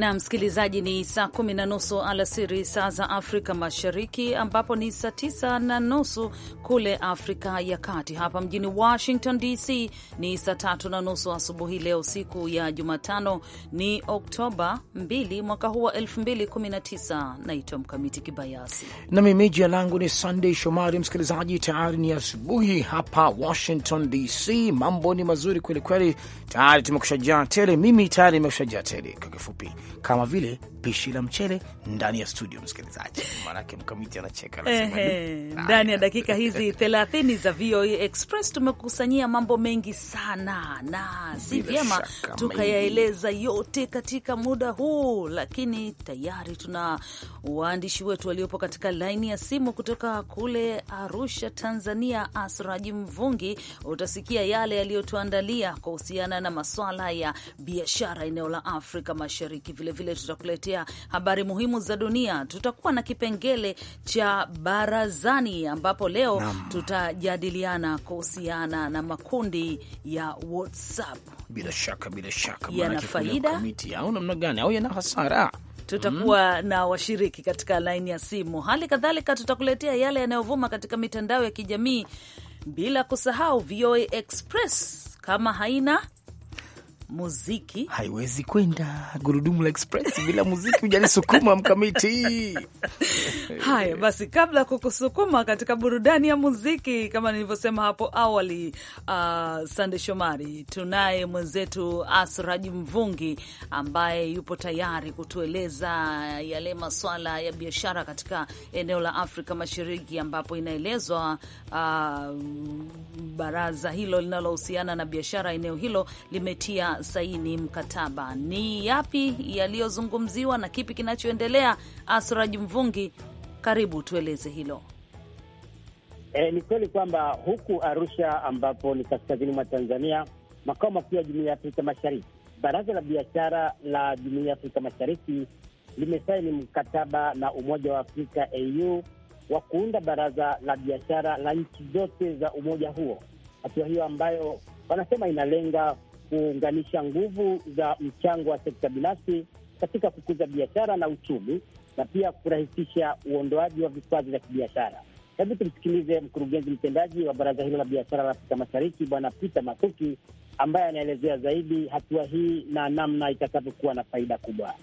na msikilizaji, ni saa kumi na nusu alasiri saa za Afrika Mashariki, ambapo ni saa tisa na nusu kule Afrika ya Kati. Hapa mjini Washington DC ni saa tatu na nusu asubuhi. Leo siku ya Jumatano ni Oktoba 2 mwaka huu wa 2019. Naitwa Mkamiti Kibayasi na mimi jina langu ni Sandey Shomari. Msikilizaji, tayari ni asubuhi hapa Washington DC, mambo ni mazuri kwelikweli, tayari tumekushajaa tele. Mimi tayari nimekushajaa tele kwa kifupi kama vile pishi la mchele ndani ya studio, msikilizaji. Maanake mkamiti anacheka ndani ya dakika hizi thelathini za VOA Express tumekusanyia mambo mengi sana, na si vyema tukayaeleza yote katika muda huu, lakini tayari tuna waandishi wetu waliopo katika laini ya simu kutoka kule Arusha, Tanzania. Asraji Mvungi, utasikia yale yaliyotuandalia kuhusiana na maswala ya biashara eneo la Afrika Mashariki. Vilevile tutakuletea kukuletea habari muhimu za dunia. Tutakuwa na kipengele cha barazani, ambapo leo tutajadiliana kuhusiana na makundi ya WhatsApp. Bila shaka, bila shaka, yana faida au namna gani, au yana hasara? Tutakuwa mm, na washiriki katika laini ya simu. Hali kadhalika tutakuletea yale yanayovuma katika mitandao ya kijamii, bila kusahau VOA Express kama haina muziki haiwezi kwenda gurudumu la express bila muziki, ujanisukuma mkamiti. Haya basi, kabla ya kukusukuma katika burudani ya muziki, kama nilivyosema hapo awali, uh, Sande Shomari, tunaye mwenzetu Asraj Mvungi ambaye yupo tayari kutueleza yale maswala ya biashara katika eneo la Afrika Mashariki, ambapo inaelezwa uh, baraza hilo linalohusiana na biashara eneo hilo limetia saini mkataba. Ni yapi yaliyozungumziwa na kipi kinachoendelea? Asraji Mvungi, karibu tueleze hilo. E, ni kweli kwamba huku Arusha ambapo ni kaskazini mwa Tanzania, makao makuu ya Jumuiya ya Afrika Mashariki, Baraza la Biashara la Jumuiya ya Afrika Mashariki limesaini mkataba na Umoja wa Afrika au wa kuunda baraza la biashara la nchi zote za umoja huo. Hatua hiyo ambayo wanasema inalenga kuunganisha nguvu za mchango wa sekta binafsi katika kukuza biashara na uchumi na pia kurahisisha uondoaji wa vikwazo vya kibiashara. Hebu tumsikilize mkurugenzi mtendaji wa baraza hilo la biashara la Afrika Mashariki, Bwana Peter Matuki, ambaye anaelezea zaidi hatua hii na namna itakavyokuwa na faida kubwa.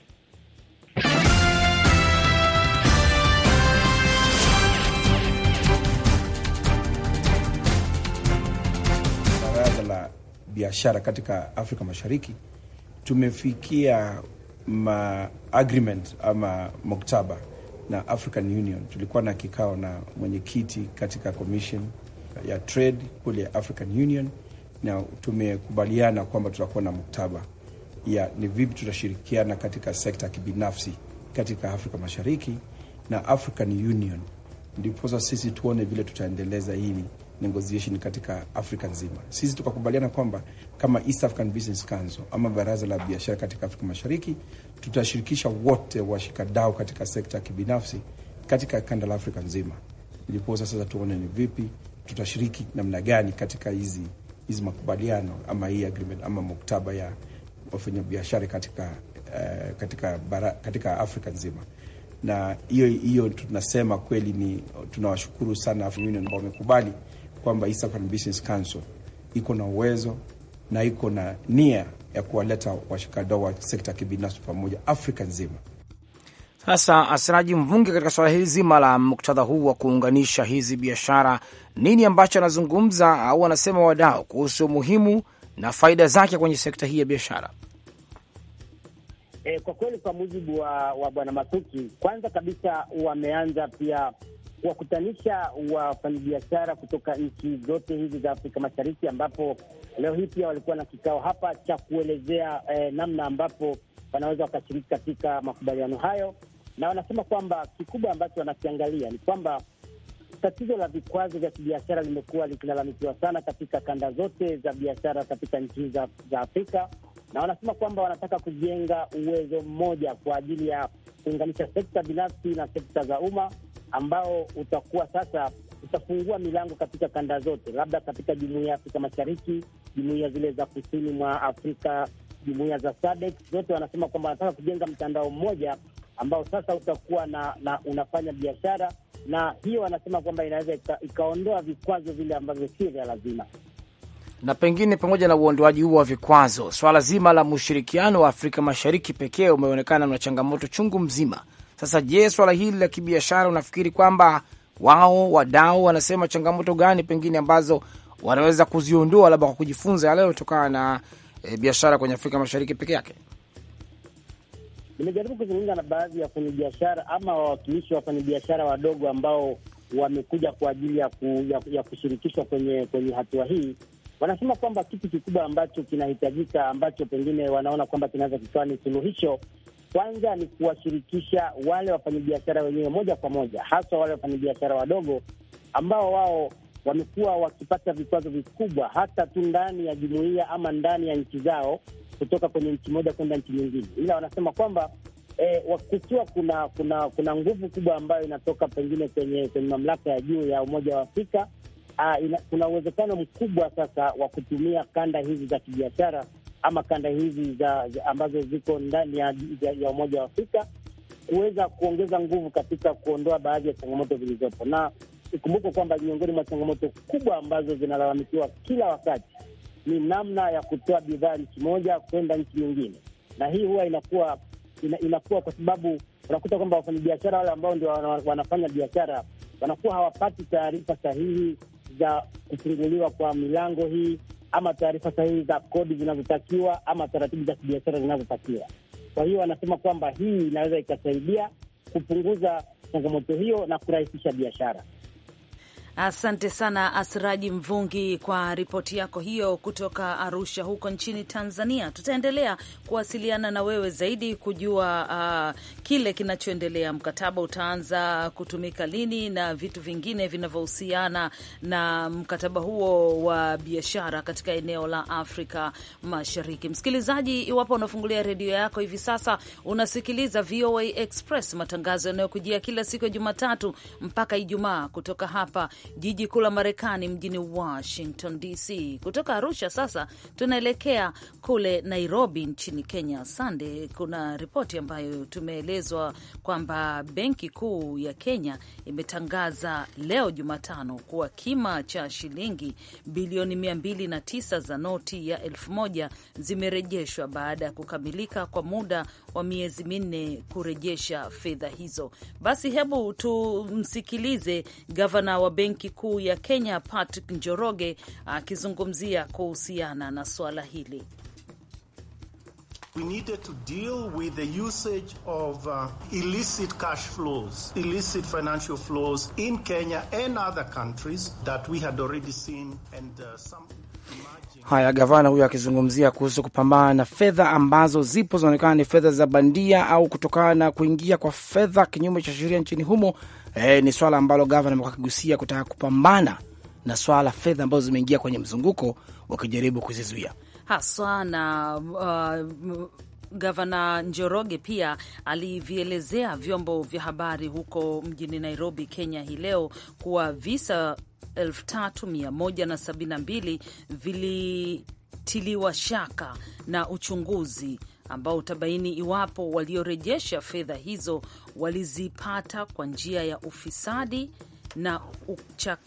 Baraza la biashara katika Afrika Mashariki tumefikia ma agreement ama mkataba na African Union. Tulikuwa na kikao na mwenyekiti katika commission ya trade kule African Union, na tumekubaliana kwamba tutakuwa na mkataba ya ni vipi tutashirikiana katika sekta ya kibinafsi katika Afrika Mashariki na African Union, ndiposa sisi tuone vile tutaendeleza hili negotiation katika Afrika nzima. Sisi tukakubaliana kwamba kama East African Business Council ama baraza la biashara katika Afrika Mashariki tutashirikisha wote washikadau katika sekta ya kibinafsi katika kanda la Afrika nzima, ndipo sasa tuone ni vipi tutashiriki namna gani katika hizi hizi makubaliano ama hii agreement ama muktaba ya wafanyabiashara katika, uh, katika, bara, katika Afrika nzima na hiyo hiyo tunasema kweli ni tunawashukuru sana Afrika Union ambao wamekubali kwamba East African Business Council iko na uwezo na iko na nia ya kuwaleta washikadau wa sekta ya kibinafsi pamoja Afrika nzima. Sasa Asiraji Mvungi, katika suala hili zima la muktadha huu wa kuunganisha hizi biashara, nini ambacho anazungumza au anasema wadau kuhusu umuhimu na faida zake kwenye sekta hii ya biashara? E, kwa kweli kwa mujibu wa, wa Bwana Masuki, kwanza kabisa wameanza pia kuwakutanisha wafanyabiashara kutoka nchi zote hizi za Afrika Mashariki, ambapo leo hii pia walikuwa na kikao hapa cha kuelezea eh, namna ambapo wanaweza wakashiriki katika makubaliano hayo, na wanasema kwamba kikubwa ambacho wanakiangalia ni kwamba tatizo la vikwazo vya kibiashara limekuwa likilalamikiwa sana katika kanda zote za biashara katika nchi za, za Afrika, na wanasema kwamba wanataka kujenga uwezo mmoja kwa ajili ya kuunganisha sekta binafsi na sekta za umma ambao utakuwa sasa utafungua milango katika kanda zote, labda katika jumuiya ya Afrika Mashariki, jumuiya zile za kusini mwa Afrika, jumuiya za SADC zote wanasema kwamba wanataka kujenga mtandao mmoja ambao sasa utakuwa na, na unafanya biashara, na hiyo wanasema kwamba inaweza ika, ikaondoa vikwazo vile ambavyo sio vya lazima na pengine pamoja na uondoaji huo wa vikwazo, swala zima la mushirikiano wa Afrika Mashariki pekee umeonekana na changamoto chungu mzima. Sasa je, swala hili la kibiashara unafikiri kwamba wao wadau wanasema changamoto gani pengine ambazo wanaweza kuziondoa labda kwa kujifunza yale tokana na e, biashara kwenye Afrika Mashariki peke yake? Nimejaribu kuzungumza na baadhi ya wafanyabiashara ama wawakilishi wa wafanyabiashara wadogo ambao wamekuja kwa ajili ya, ku, ya, ya kushirikishwa kwenye kwenye hatua hii. Wanasema kwamba kitu kikubwa ambacho kinahitajika ambacho pengine wanaona kwamba kinaweza kikawa ni suluhisho kwanza ni kuwashirikisha wale wafanyabiashara wenyewe moja kwa moja, haswa wale wafanyabiashara wadogo ambao wao wamekuwa wakipata vikwazo vikubwa, hata tu ndani ya jumuiya ama ndani ya nchi zao, kutoka kwenye nchi moja kwenda nchi nyingine, ila wanasema kwamba E, eh, wakikiwa kuna kuna kuna nguvu kubwa ambayo inatoka pengine kwenye kwenye mamlaka ya juu ya Umoja wa Afrika. Ah, kuna uwezekano mkubwa sasa wa kutumia kanda hizi za kibiashara ama kanda hizi za, za ambazo ziko ndani ya, ya, ya Umoja wa Afrika kuweza kuongeza nguvu katika kuondoa baadhi ya changamoto zilizopo, na ikumbuke kwamba miongoni mwa changamoto kubwa ambazo zinalalamikiwa kila wakati ni namna ya kutoa bidhaa nchi moja kwenda nchi nyingine, na hii huwa inakuwa ina, inakuwa kwa sababu unakuta kwamba wafanyabiashara wale ambao ndio wanafanya biashara wanakuwa hawapati taarifa sahihi za kufunguliwa kwa milango hii ama taarifa sahihi za kodi zinazotakiwa ama taratibu za kibiashara zinazotakiwa. Kwa hiyo anasema kwamba hii inaweza ikasaidia kupunguza changamoto hiyo na kurahisisha biashara. Asante sana Asiraji Mvungi kwa ripoti yako hiyo kutoka Arusha huko nchini Tanzania. Tutaendelea kuwasiliana na wewe zaidi kujua uh, kile kinachoendelea, mkataba utaanza kutumika lini na vitu vingine vinavyohusiana na mkataba huo wa biashara katika eneo la Afrika Mashariki. Msikilizaji, iwapo unafungulia redio yako hivi sasa, unasikiliza VOA Express, matangazo yanayokujia kila siku ya Jumatatu mpaka Ijumaa kutoka hapa jiji kuu la Marekani, mjini Washington DC. Kutoka Arusha sasa tunaelekea kule Nairobi nchini Kenya. Sande, kuna ripoti ambayo tumeelezwa kwamba benki kuu ya Kenya imetangaza leo Jumatano kuwa kima cha shilingi bilioni 209 za noti ya elfu moja zimerejeshwa baada ya kukamilika kwa muda wa miezi minne kurejesha fedha hizo. Basi hebu tumsikilize gavana wa Benki Kuu ya Kenya Patrick Njoroge akizungumzia kuhusiana na suala hili. We needed to deal with the usage of uh, illicit cash flows, illicit financial flows in Kenya and other countries that we had already seen and uh, some Haya, gavana huyo akizungumzia kuhusu kupambana na fedha ambazo zipo zinaonekana ni fedha za bandia au kutokana na kuingia kwa fedha kinyume cha sheria nchini humo. E, ni swala ambalo gavana amekuwa akigusia kutaka kupambana na swala la fedha ambazo zimeingia kwenye mzunguko wakijaribu kuzizuia haswa na uh, Gavana Njoroge pia alivielezea vyombo vya habari huko mjini Nairobi, Kenya hii leo kuwa visa 3172 vilitiliwa shaka na uchunguzi ambao utabaini iwapo waliorejesha fedha hizo walizipata kwa njia ya ufisadi na ucha,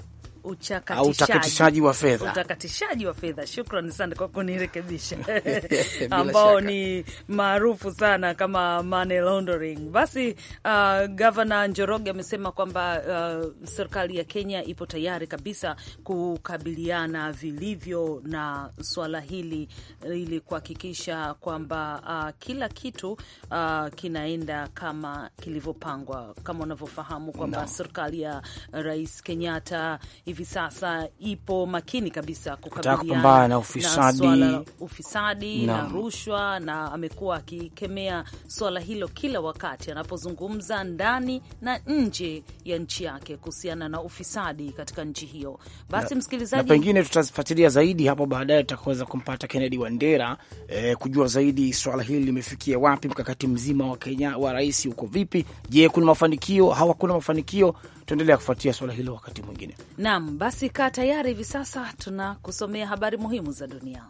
utakatishaji wa fedha, utakatishaji wa fedha. Shukrani sana kwa kunirekebisha ambao ni maarufu sana kama money laundering. Basi uh, gavana Njoroge amesema kwamba uh, serikali ya Kenya ipo tayari kabisa kukabiliana vilivyo na swala hili ili kuhakikisha kwamba uh, kila kitu uh, kinaenda kama kilivyopangwa. Kama unavyofahamu kwamba no. serikali ya Rais Kenyatta hivi sasa ipo makini kabisa kukabiliana na ufisadi na, ufisadi, na, na rushwa na amekuwa akikemea swala hilo kila wakati anapozungumza ndani na nje ya nchi yake kuhusiana na ufisadi katika nchi hiyo. Basi msikilizaji, pengine tutafuatilia zaidi hapo baadaye, tutaweza kumpata Kennedy Wandera eh, kujua zaidi swala hili limefikia wapi, mkakati mzima wa Kenya wa rais uko vipi? Je, kuna mafanikio? kuna mafanikio? tuendelea kufuatia swala hilo wakati mwingine. Naam, basi kaa tayari hivi sasa tunakusomea habari muhimu za dunia.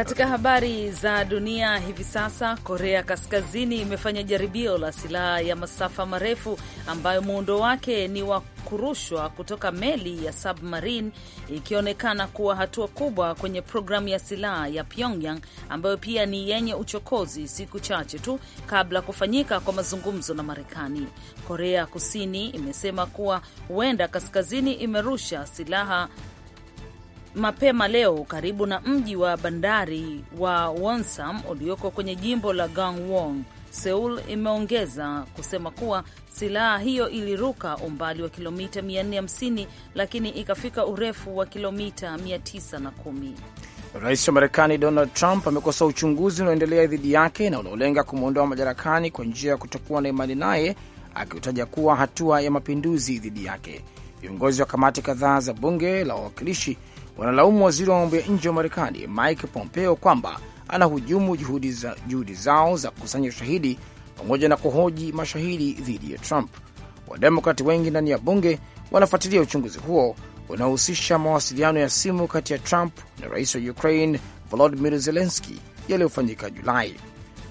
Katika habari za dunia hivi sasa, Korea Kaskazini imefanya jaribio la silaha ya masafa marefu ambayo muundo wake ni wa kurushwa kutoka meli ya submarine, ikionekana kuwa hatua kubwa kwenye programu ya silaha ya Pyongyang ambayo pia ni yenye uchokozi, siku chache tu kabla ya kufanyika kwa mazungumzo na Marekani. Korea Kusini imesema kuwa huenda Kaskazini imerusha silaha mapema leo karibu na mji wa bandari wa Wonsam ulioko kwenye jimbo la Gangwon. seul imeongeza kusema kuwa silaha hiyo iliruka umbali wa kilomita 450 lakini ikafika urefu wa kilomita 910. Rais wa Marekani Donald Trump amekosoa uchunguzi unaoendelea dhidi yake na unaolenga kumwondoa madarakani kwa njia ya kutokuwa na imani naye, akiutaja kuwa hatua ya mapinduzi dhidi yake. Viongozi wa kamati kadhaa za bunge la wawakilishi wanalaumu waziri wa mambo ya nje wa Marekani Mike Pompeo kwamba anahujumu juhudi, za, juhudi zao za kukusanya ushahidi pamoja na kuhoji mashahidi dhidi ya Trump. Wademokrati wengi ndani ya bunge wanafuatilia uchunguzi huo unaohusisha mawasiliano ya simu kati ya Trump na rais wa Ukraine Volodimir Zelenski yaliyofanyika Julai.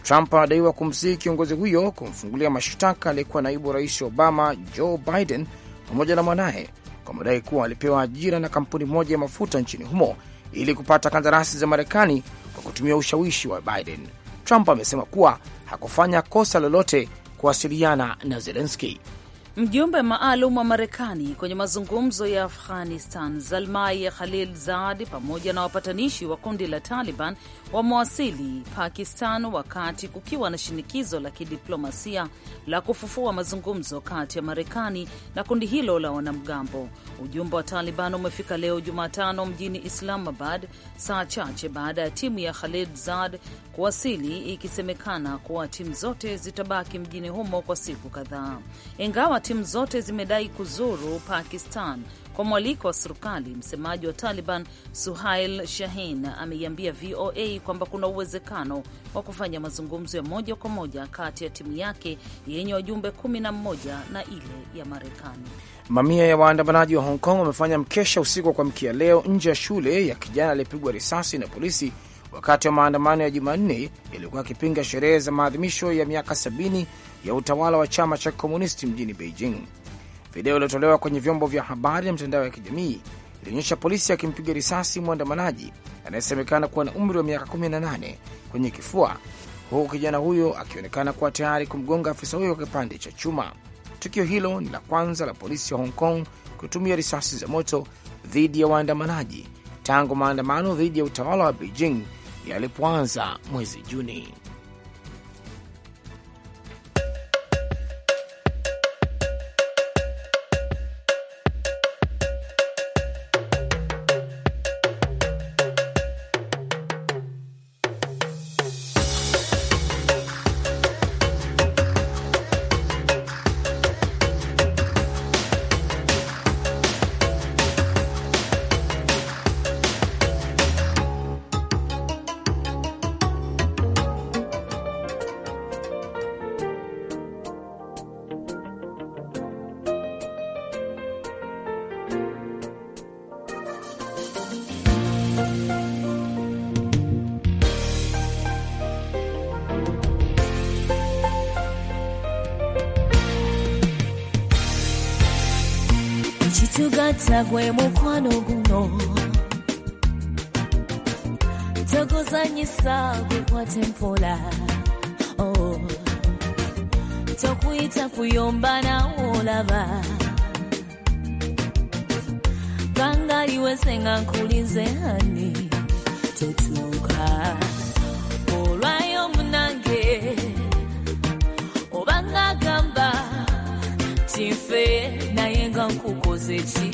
Trump anadaiwa kumsihi kiongozi huyo kumfungulia mashtaka aliyekuwa naibu rais Obama Joe Biden pamoja na mwanaye kwa madai kuwa alipewa ajira na kampuni moja ya mafuta nchini humo ili kupata kandarasi za Marekani kwa kutumia ushawishi wa Biden. Trump amesema kuwa hakufanya kosa lolote kuwasiliana na Zelenski. Mjumbe maalum wa Marekani kwenye mazungumzo ya Afghanistan, Zalmai Khalil zad pamoja na wapatanishi wa kundi la Taliban wamewasili Pakistan wakati kukiwa na shinikizo la kidiplomasia la kufufua mazungumzo kati ya Marekani na kundi hilo la wanamgambo. Ujumbe wa Taliban umefika leo Jumatano mjini Islamabad, saa chache baada ya timu ya Khalil zad kuwasili, ikisemekana kuwa timu zote zitabaki mjini humo kwa siku kadhaa, ingawa timu zote zimedai kuzuru Pakistan kwa mwaliko wa serikali. Msemaji wa Taliban Suhail Shahin ameiambia VOA kwamba kuna uwezekano wa kufanya mazungumzo ya moja kwa moja kati ya timu yake yenye wajumbe 11 na ile ya Marekani. Mamia ya waandamanaji wa Hong Kong wamefanya mkesha usiku wa kuamkia leo nje ya shule ya kijana aliyepigwa risasi na polisi wakati wa maandamano ya Jumanne yaliyokuwa yakipinga sherehe za maadhimisho ya miaka 70 ya utawala wa chama cha kikomunisti mjini Beijing. Video iliyotolewa kwenye vyombo vya habari na mitandao ya kijamii ilionyesha polisi akimpiga risasi mwandamanaji anayesemekana kuwa na umri wa miaka 18 kwenye kifua, huku kijana huyo akionekana kuwa tayari kumgonga afisa huyo kwa kipande cha chuma. Tukio hilo ni la kwanza la polisi wa Hong Kong kutumia risasi za moto dhidi ya waandamanaji tangu maandamano dhidi ya utawala wa Beijing yalipoanza mwezi Juni. kitugatta gwe mukwano guno toguzanyisa gukwate mpola oh. tokuyita kuyomba nawolaba bangaliwesenga nkulize ani totuuka olwayo munange obangagamba tinfe n gazeti.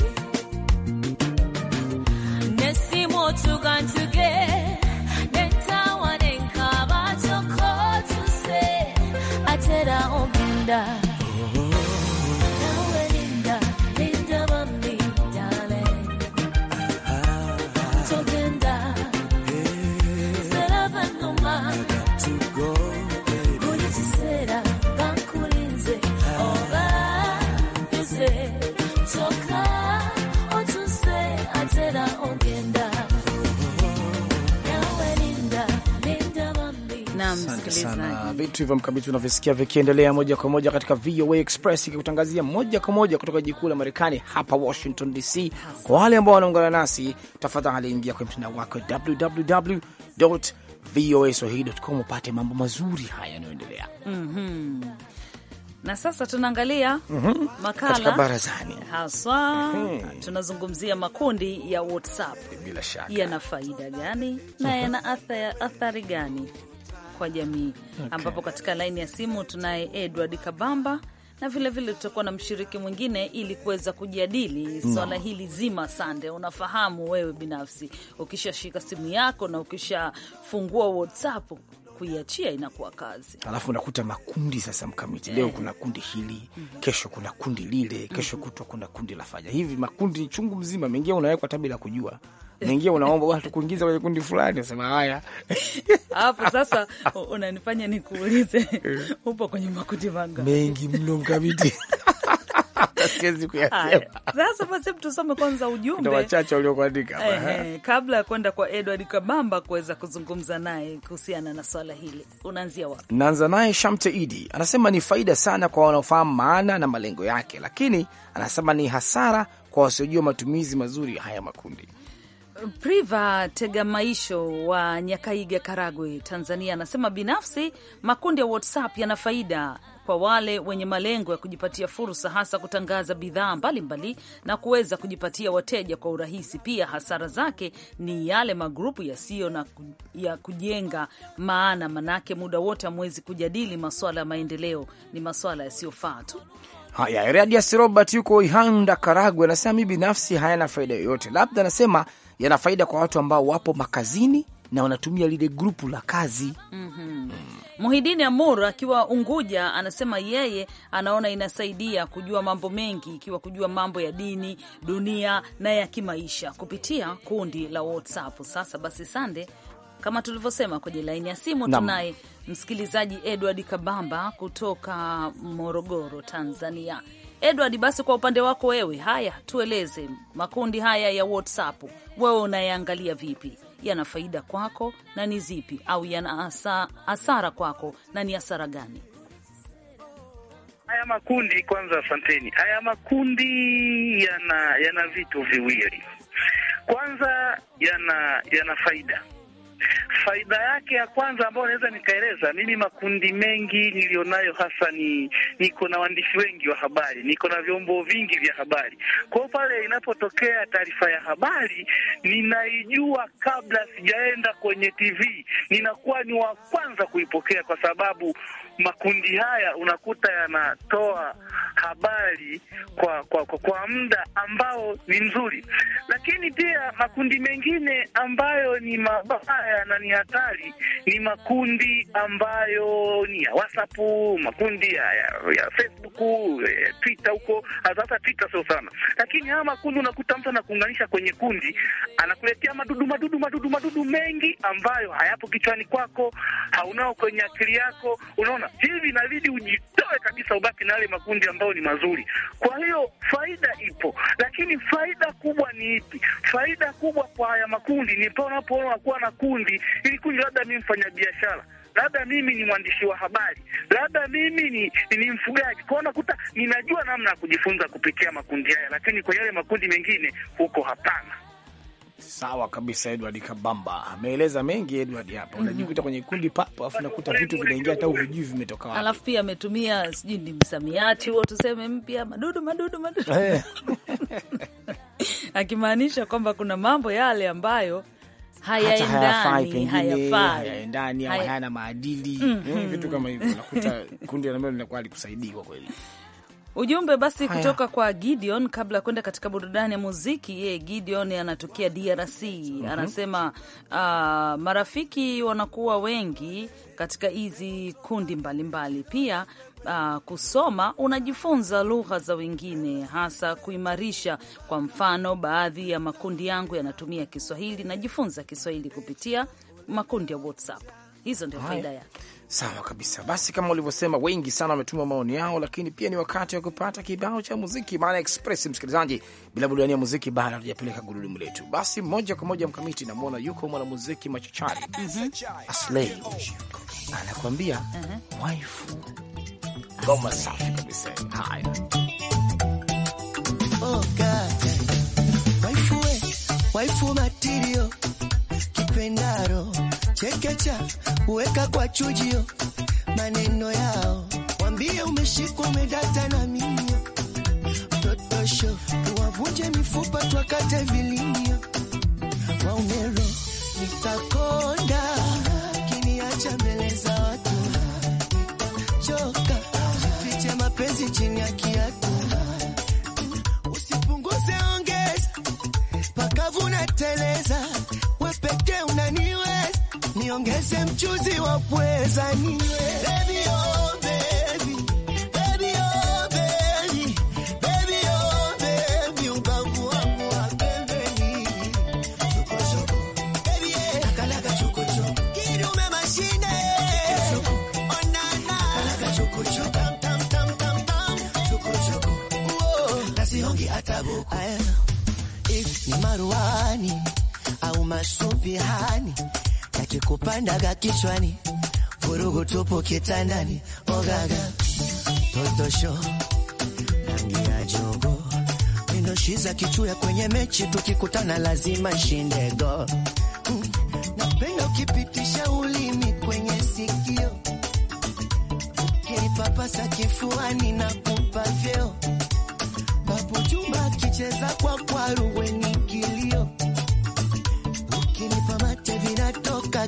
Nesimo tugan together. sana vitu hivyo mkabiti unavyosikia vikiendelea moja kwa moja katika VOA Express ikikutangazia moja kwa moja kutoka jiji kuu la Marekani hapa Washington DC. Kwa wale ambao wanaungana nasi, tafadhali ingia kwenye mtandao wako www voa swahili.com upate mambo mazuri haya yanayoendelea. mm -hmm. Na sasa tunaangalia mm -hmm. makala barazani haswa. mm -hmm. Tunazungumzia makundi ya WhatsApp, bila shaka yana faida gani na yana athari gani? kwa jamii okay. ambapo katika laini ya simu tunaye Edward Kabamba na vilevile tutakuwa na mshiriki mwingine ili kuweza kujadili swala no. hili zima. Sande, unafahamu wewe binafsi, ukishashika simu yako na ukishafungua WhatsApp kuiachia inakuwa kazi, alafu unakuta makundi sasa, mkamiti leo eh. kuna kundi hili mm -hmm. kesho kuna kundi lile, kesho mhm. kutwa kuna kundi la fanya hivi. Makundi ni chungu mzima, mengia unawekwa hata bila kujua naingia, unaomba watu kuingiza kwenye kundi fulani, unasema haya hapo. Sasa unanifanya nikuulize, upo kwenye makundi manga mengi mno mkabiti Sasa basi tusome kwanza ujumbe wachache waliokuandika kabla ya kwenda kwa Edward Kabamba kuweza kuzungumza naye kuhusiana na swala hili. Unaanzia wapi? Naanza naye Shamte Idi, anasema ni faida sana kwa wanaofahamu maana na malengo yake, lakini anasema ni hasara kwa wasiojua matumizi mazuri ya haya makundi. Priva Tegamaisho wa Nyakaiga, Karagwe, Tanzania, anasema binafsi makundi ya WhatsApp yana faida kwa wale wenye malengo ya kujipatia fursa, hasa kutangaza bidhaa mbalimbali na kuweza kujipatia wateja kwa urahisi. Pia hasara zake ni yale magrupu yasiyo na ya kujenga maana, manake muda wote hamwezi kujadili maswala ya maendeleo, ni maswala yasiyofaa tu. Haya, Eradias Robert yuko Ihanda, Karagwe, anasema mi binafsi hayana faida yoyote, labda anasema yana faida kwa watu ambao wapo makazini na wanatumia lile grupu la kazi. mm -hmm. Mm. Muhidini Amur akiwa Unguja anasema yeye anaona inasaidia kujua mambo mengi, ikiwa kujua mambo ya dini, dunia na ya kimaisha kupitia kundi la WhatsApp. Sasa basi, Sande, kama tulivyosema kwenye laini ya simu tunaye msikilizaji Edward Kabamba kutoka Morogoro, Tanzania. Edward, basi kwa upande wako wewe, haya tueleze, makundi haya ya WhatsApp wewe unayaangalia vipi? Yana faida kwako na ni zipi, au yana hasara kwako na ni hasara gani? Haya makundi kwanza, asanteni. Haya makundi yana yana vitu viwili. Kwanza yana yana faida Faida yake ya kwanza ambayo naweza nikaeleza mimi, makundi mengi nilionayo, hasa ni niko na waandishi wengi wa habari, niko na vyombo vingi vya habari. Kwa hiyo pale inapotokea taarifa ya habari, ninaijua kabla sijaenda kwenye TV, ninakuwa ni wa kwanza kuipokea, kwa sababu makundi haya unakuta yanatoa habari kwa kwa, kwa, kwa muda ambao ni nzuri, lakini pia makundi mengine ambayo ni mabaya na ni hatari ni makundi ambayo ni ya WhatsApp, makundi ya, ya, ya Facebook, ya Twitter huko. hasa Twitter sio sana, lakini haya makundi unakuta mtu anakuunganisha kwenye kundi, anakuletea madudu madudu madudu madudu mengi ambayo hayapo kichwani kwako, haunao kwenye akili yako, unaona hivi, inabidi ujitoe kabisa, ubaki na yale makundi ambayo ni mazuri. Kwa hiyo faida ipo, lakini faida kubwa ni ipi? Faida kubwa kwa haya makundi ni pale unapoona kuwa na kundi, ili kundi labda mi mfanyabiashara labda mimi ni mwandishi wa habari, labda mimi ni, ni mfugaji. Kwao nakuta ninajua namna ya kujifunza kupitia makundi haya, lakini kwa yale makundi mengine huko hapana. Sawa kabisa, Edward Kabamba ameeleza mengi. Edward hapa mhm. unajikuta mm -hmm. kwenye kundi papo, alafu nakuta vitu vinaingia hata uvijui vimetoka wapi, alafu pia ametumia sijui ni msamiati huo tuseme mpya, madudu madudu madudu eh. akimaanisha kwamba kuna mambo yale ambayo hayaendani hayaendani, hayana maadili, mm-hmm. eh, vitu kama hivyo. Nakuta kundi ambalo linakuwa likusaidiwa kweli Ujumbe basi Haya, kutoka kwa Gideon kabla ya kwenda katika burudani ya muziki. Yeye Gideon anatokea DRC mm -hmm. Anasema uh, marafiki wanakuwa wengi katika hizi kundi mbalimbali mbali. Pia uh, kusoma unajifunza lugha za wengine, hasa kuimarisha. Kwa mfano, baadhi ya makundi yangu yanatumia Kiswahili, najifunza Kiswahili kupitia makundi ya WhatsApp. Hizo ndio faida yake. Sawa kabisa. Basi kama ulivyosema, wengi sana wametuma maoni yao, lakini pia ni wakati wa kupata kibao cha muziki, maana Express msikilizaji, bila burudani ya muziki bado hatujapeleka gurudumu letu. Basi moja kwa moja mkamiti, namwona yuko mwanamuziki machachari mm -hmm. anakuambia mm -hmm. waifu ngoma safi kabisa. Haya, oh, waifu waifu matirio kipendaro chekecha, weka kwa chujio maneno yao, wambie umeshikwa umedata na minyo, totosho tuwavunje mifupa twakate vilinyo, waumero, nitakonda kiniacha mbele za watu, choka jifiche mapenzi chini ya kiatu, usipunguze ongeza pakavuna teleza niongeze mchuzi wa pweza ni oh, oh, oh, ni maruani au masumbi kupandaga kichwani, vurugu tupo kitandani, ogaga totosho ya jogo mindoshiza kichuya kwenye mechi, tukikutana lazima shinde go hmm, Napenda ukipitisha ulimi kwenye sikio, ukinipapasa kifuani na kupa vyeo, papo akicheza kwa kwaru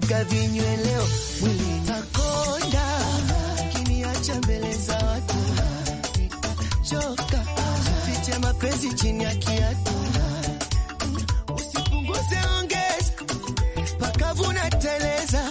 kuvuruga vinyweleo mwili takonda kiniacha mbele za watu choka fiche mapenzi chini ya kiatu usipunguze ongeza pakavuna teleza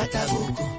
hata huku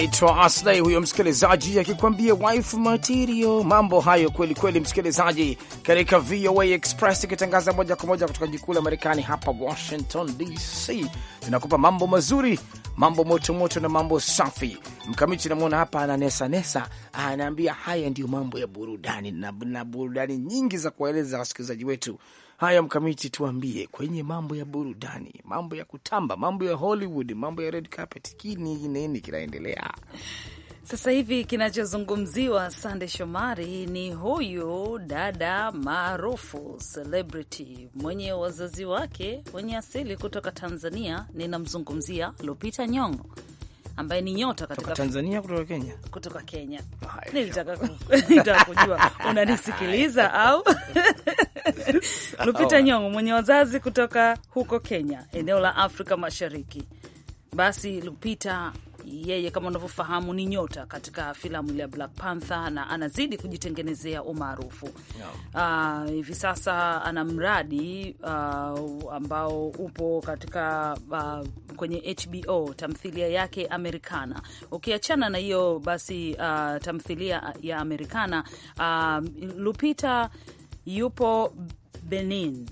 anaitwa Asley huyo msikilizaji akikwambia wife material. Mambo hayo kweli kweli, msikilizaji, katika VOA Express ikitangaza moja kwa moja kutoka jikuu la Marekani hapa Washington DC. Tunakupa mambo mazuri, mambo moto moto na mambo safi. Mkamiti namwona hapa ananesa nesa, anaambia haya ndiyo mambo ya burudani na, na burudani nyingi za kuwaeleza wasikilizaji wetu Haya, Mkamiti, tuambie kwenye mambo ya burudani, mambo ya kutamba, mambo ya Hollywood, mambo ya red carpet, kini nini kinaendelea sasa hivi? Kinachozungumziwa Sande Shomari ni huyu dada maarufu celebrity mwenye wazazi wake wenye asili kutoka Tanzania. Ninamzungumzia Lupita Nyong'o ambaye ni nyota katika Tanzania kutoka Kenya, kutoka Kenya. Nilitaka kujua unanisikiliza au Lupita Nyong'o mwenye wazazi kutoka huko Kenya, eneo la Afrika Mashariki. Basi Lupita yeye kama unavyofahamu ni nyota katika filamu ile ya Black Panther na anazidi kujitengenezea umaarufu ah, hivi. Uh, sasa ana mradi uh, ambao upo katika uh, kwenye HBO tamthilia yake Americana. Ukiachana na hiyo basi, uh, tamthilia ya Americana uh, Lupita yupo Benin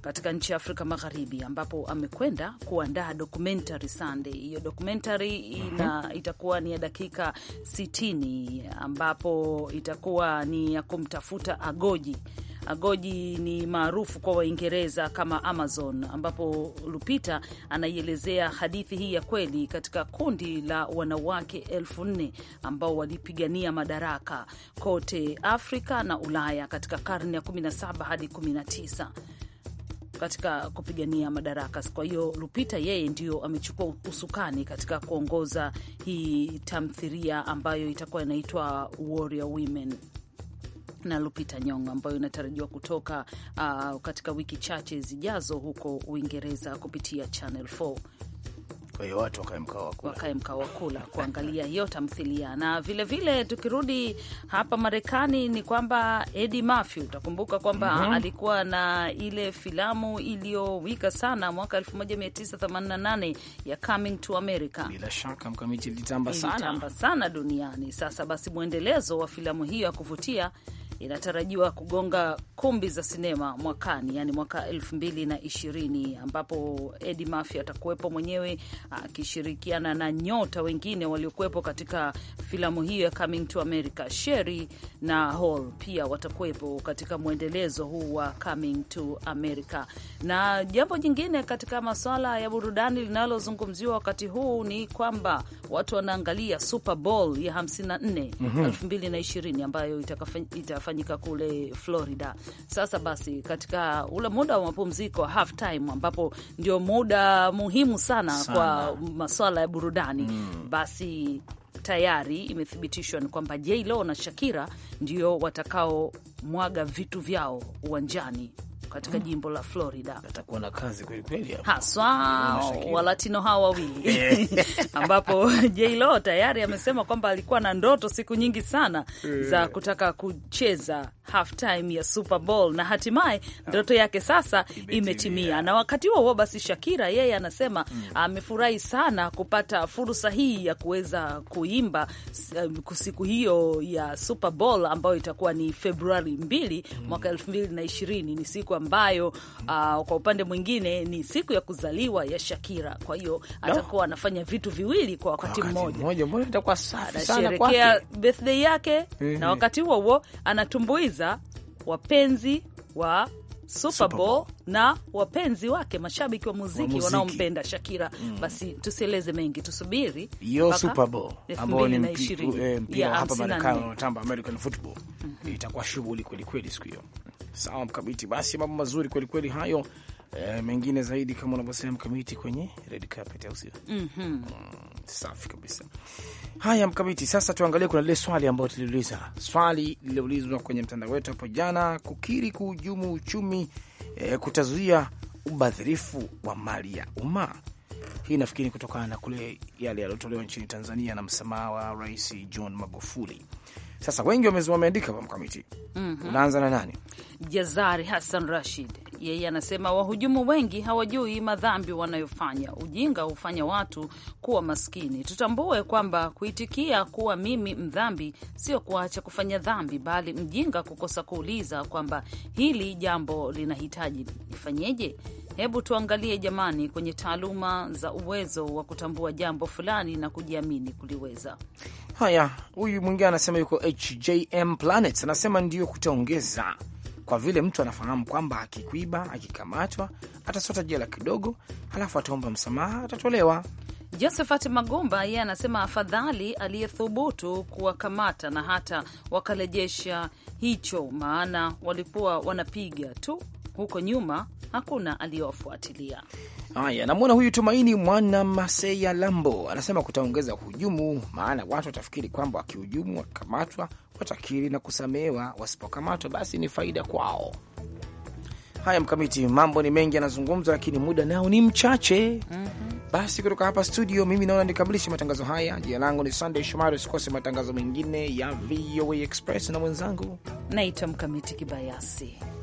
katika nchi ya Afrika Magharibi ambapo amekwenda kuandaa documentary Sunday. Hiyo documentary ina, mhm. itakuwa ni ya dakika 60 ambapo itakuwa ni ya kumtafuta Agoji Goji ni maarufu kwa Waingereza kama Amazon, ambapo Lupita anaielezea hadithi hii ya kweli katika kundi la wanawake elfu nne ambao walipigania madaraka kote Afrika na Ulaya katika karne ya 17 hadi 19 katika kupigania madaraka. Kwa hiyo Lupita yeye ndio amechukua usukani katika kuongoza hii tamthiria ambayo itakuwa inaitwa Warrior Women na Lupita Nyong'o ambayo inatarajiwa kutoka uh, katika wiki chache zijazo huko Uingereza kupitia Channel 4 kwa hiyo watu wakae mkao wa kula kuangalia hiyo tamthilia. Na vilevile vile, tukirudi hapa Marekani ni kwamba Eddie Murphy utakumbuka kwamba mm -hmm. alikuwa na ile filamu iliyowika sana mwaka 1988 ya Coming to America. Bila shaka mkamiti ilitamba sana, ilitamba sana duniani. Sasa basi mwendelezo wa filamu hiyo ya kuvutia inatarajiwa kugonga kumbi za sinema mwakani, yani mwaka elfu mbili na ishirini ambapo Eddie Murphy atakuwepo mwenyewe akishirikiana na nyota wengine waliokuwepo katika filamu hiyo ya Coming to America. Sherry na Hall pia watakuwepo katika mwendelezo huu wa Coming to America. Na jambo jingine katika maswala ya burudani linalozungumziwa wakati huu ni kwamba watu wanaangalia Super Bowl ya 54 mhm. mbili na ishirini ambayo itafanyika yanayofanyika kule Florida. Sasa basi, katika ule muda wa mapumziko half time, ambapo ndio muda muhimu sana, sana kwa maswala ya burudani mm. Basi tayari imethibitishwa ni kwamba J Lo na Shakira ndio watakaomwaga vitu vyao uwanjani katika jimbo la Florida. Atakuwa na kazi kweli kweli haswa walatino hawa wawili ambapo J-Lo tayari amesema kwamba alikuwa na ndoto siku nyingi sana za eh. kutaka kucheza halftime ya Super Bowl na hatimaye ndoto yake sasa imetimia. Na wakati huo huo basi, Shakira yeye anasema hmm. amefurahi sana kupata fursa hii ya kuweza kuimba um, siku hiyo ya Super Bowl ambayo itakuwa ni Februari 2 hmm. mwaka 2020 ni siku ambayo uh, kwa upande mwingine ni siku ya kuzaliwa ya Shakira. Kwa hiyo atakuwa anafanya vitu viwili kwa wakati mmoja, anasherekea birthday yake na mhm. wakati huo huo anatumbuiza wapenzi wa Super Bowl na wapenzi wake, mashabiki wa muziki, muziki wanaompenda Shakira mm. Basi tusieleze mengi, tusubiri hiyo Super Bowl ambao ni eh, mpira hapa Marekani unatamba American football mm -hmm. Itakuwa shughuli kwelikweli siku hiyo. Sawa mkabiti basi mambo mazuri kwelikweli hayo e, mengine zaidi kama unavyosema mkamiti kwenye red carpet, au sio? mm -hmm. mm, safi kabisa. Haya mkamiti, sasa tuangalie, kuna lile swali ambayo tuliuliza, swali lililoulizwa kwenye mtandao wetu hapo jana, kukiri kuhujumu uchumi eh, kutazuia ubadhirifu wa mali ya umma. Hii nafikiri kutokana na kule yale yaliyotolewa nchini Tanzania na msamaha wa Rais John Magufuli. Sasa wengi wameandika kwa mkamiti. mm -hmm. Unaanza na nani? Jazari Hassan Rashid yeye anasema wahujumu wengi hawajui madhambi wanayofanya. Ujinga hufanya watu kuwa maskini. Tutambue kwamba kuitikia kuwa mimi mdhambi sio kuacha kufanya dhambi, bali mjinga kukosa kuuliza kwamba hili jambo linahitaji nifanyeje. Hebu tuangalie jamani, kwenye taaluma za uwezo wa kutambua jambo fulani na kujiamini kuliweza. Haya, huyu mwingine anasema yuko HJM Planet anasema ndiyo kutaongeza kwa vile mtu anafahamu kwamba akikwiba, akikamatwa, atasota jela kidogo, halafu ataomba msamaha, atatolewa. Josephat magumba yeye anasema afadhali aliyethubutu kuwakamata na hata wakarejesha hicho, maana walikuwa wanapiga tu huko nyuma, hakuna aliyowafuatilia. Haya, namwona huyu Tumaini Mwana Maseya Lambo anasema kutaongeza hujumu, maana watu watafikiri kwamba wakihujumu wakikamatwa watakiri na kusamehewa wasipokamatwa, basi ni faida kwao. Haya, Mkamiti, mambo ni mengi yanazungumzwa, lakini muda nao ni mchache. mm -hmm. Basi kutoka hapa studio, mimi naona nikamilishe matangazo haya. Jina langu ni Sunday Shomari. Usikose matangazo mengine ya VOA Express na mwenzangu naitwa Mkamiti Kibayasi.